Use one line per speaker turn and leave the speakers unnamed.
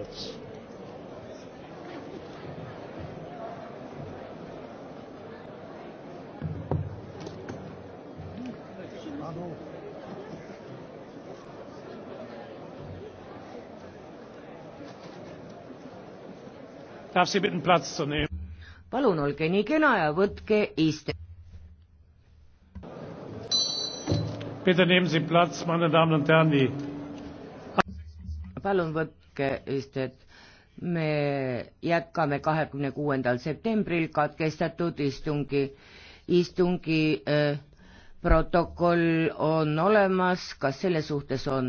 Platz.
Hallo.
Darf Sie bitten, Platz zu nehmen? palun olge nii kena ja võtke iste-.
Bitte nehmen Sie Platz, meine Damen und Herren, die palun võtke
istet. me jätkame kahekümne kuuendal septembril katkestatud istungi, istungi äh, protokoll
on olemas, kas selle suhtes on